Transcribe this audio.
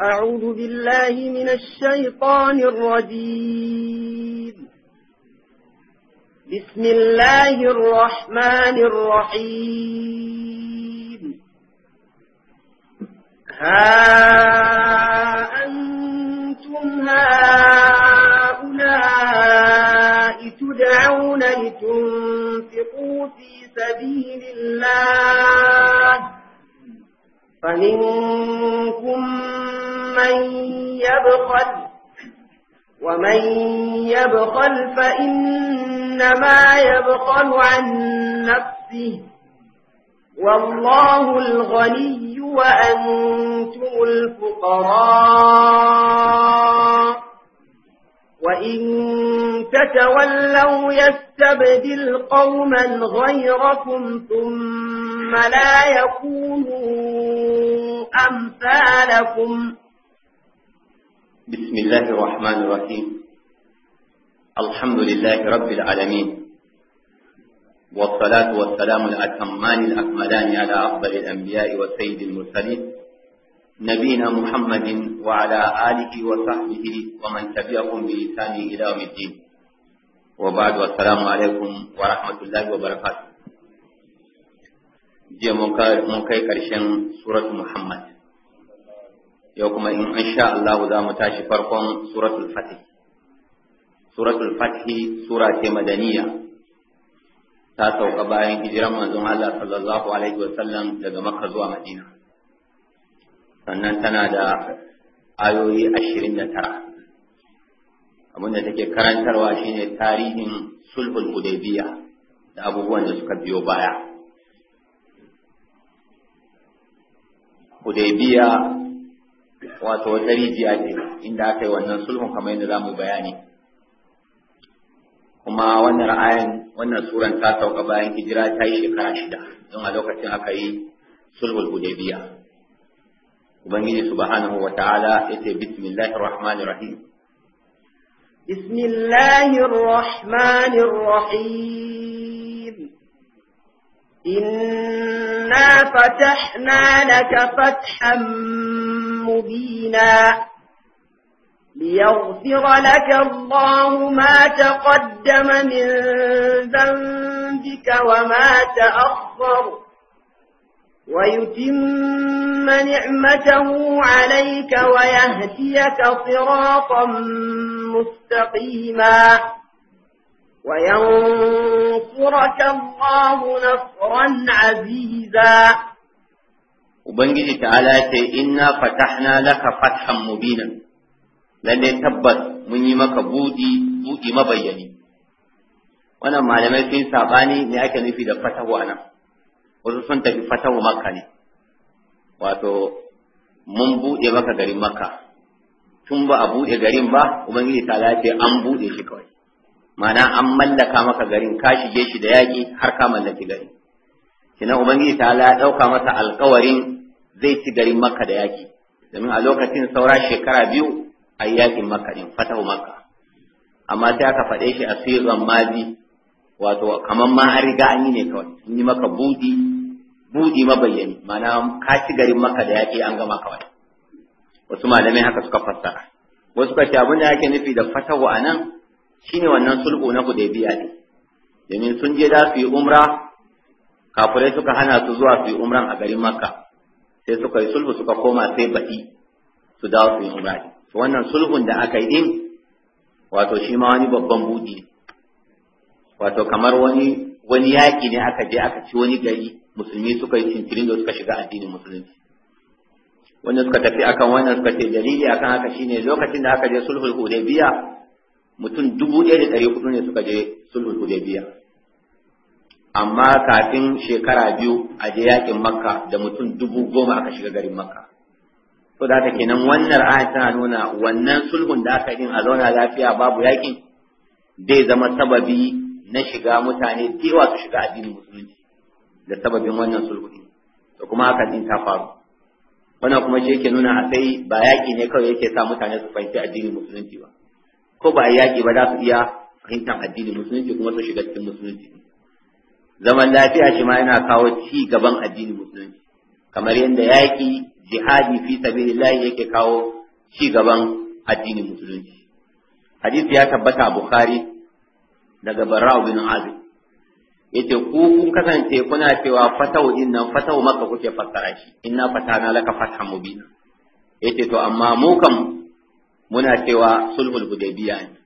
أعوذ بالله من الشيطان الرجيم بسم الله الرحمن الرحيم ها أنتم هؤلاء تدعون لتنفقوا في سبيل الله فمنكم من يبخل ومن يبخل فإنما يبخل عن نفسه والله الغني وأنتم الفقراء وإن تتولوا يستبدل قوما غيركم ثم لا يكونوا أمثالكم بسم الله الرحمن الرحيم الحمد لله رب العالمين والصلاة والسلام الأتمان الأكملان على أفضل الأنبياء وسيد المرسلين نبينا محمد وعلى آله وصحبه ومن تبعهم بإحسان إلى يوم الدين وبعد والسلام عليكم ورحمة الله وبركاته jiya mun kai ƙarshen suratu Muhammad yau kuma in an sha Allahu, za mu tashi farkon suratul fatih suratul fatih sura ce madaniya ta sauka bayan hijiran manzon Allah sallallahu alaihi wasallam daga makka zuwa madina sannan tana da ayoyi ashirin da tara da take karantarwa shine tarihin sulhul hudaybiya da abubuwan da suka biyo baya hudaybiya wato wata rijiya ce inda aka yi wannan sulhun kamar yadda zamu bayani kuma wannan ra'ayin wannan suran ta sauka bayan hijira ta yi shekara shida don a lokacin aka yi sulhul hudaybiya ubangiji subhanahu wa ta'ala yace bismillahir rahmanir rahim bismillahir rahmanir rahim إنا فتحنا لك فتحا مبينا ليغفر لك الله ما تقدم من ذنبك وما تأخر ويتم نعمته عليك ويهديك صراطا مستقيما وينصرك الله نصرا عزيزا Ubangiji ta'ala ya ce, Inna fatahna laka fathan mubinan, lalle tabbas mun yi maka buɗi, buɗi mabayyani. Wannan malamai sun saɓani ne ake nufi da fatahu a nan, wasu sun tafi fatahu maka ne, wato mun buɗe maka garin maka, tun ba a buɗe garin ba, Ubangiji ta'ala ya ce an buɗe shi kawai. ma'ana an mallaka maka garin ka shige shi da yaƙi har ka mallaki garin kina ubangiji ta ya ɗauka masa alƙawarin zai ci garin makka da yaƙi domin a lokacin saura shekara biyu a yi yaƙin makka din fatahu makka amma sai aka faɗe shi a sigan mazi wato kamar ma an riga an yi ne kawai in yi maka budi, budi mabayyani ma'ana ka ci garin makka da yaƙi an gama kawai wasu malamai haka suka fassara wasu ka abin da ake nufi da fatahu a nan shine wannan sulhu na hudaybiya ne domin sun je za su yi umra kafirai suka hana su zuwa su yi umran a garin makka sai suka yi sulhu suka koma sai baɗi su dawo su yi umra to wannan sulhun da aka yi din wato shi ma wani babban buɗi wato kamar wani wani yaƙi ne aka je aka ci wani gari musulmi suka yi cinkirin da suka shiga addinin musulunci Wannan suka tafi akan wannan suka ce dalili akan haka shine lokacin da aka je sulhul hudaybiya mutum dubu ɗaya da ɗari hudu ne suka je sulhul hudaybiya amma kafin shekara biyu a je yakin makka da mutum dubu goma aka shiga garin makka to da haka kenan wannan aya ta nuna wannan sulhun da aka yi a zauna lafiya babu yakin zai zama sababi na shiga mutane da su shiga addinin musulunci da sababin wannan sulhun To kuma haka din ta faru wannan kuma shi yake nuna a sai ba yaƙi ne kawai yake sa mutane su fahimci addinin musulunci ba ko ba a yaƙi ba za su iya fahimtar addinin musulunci kuma su shiga cikin musulunci zaman lafiya shi ma yana kawo ci gaban addinin musulunci kamar yadda yaƙi jihadi fi sabilillah yake kawo ci gaban addinin musulunci hadisi ya tabbata a bukhari daga barra'u bin azib yace ku kun kasance kuna cewa fatau in na fatau maka kuke fassara shi inna fatana laka fatham mubina yace to amma mu muna cewa sulhul hudaybiya ne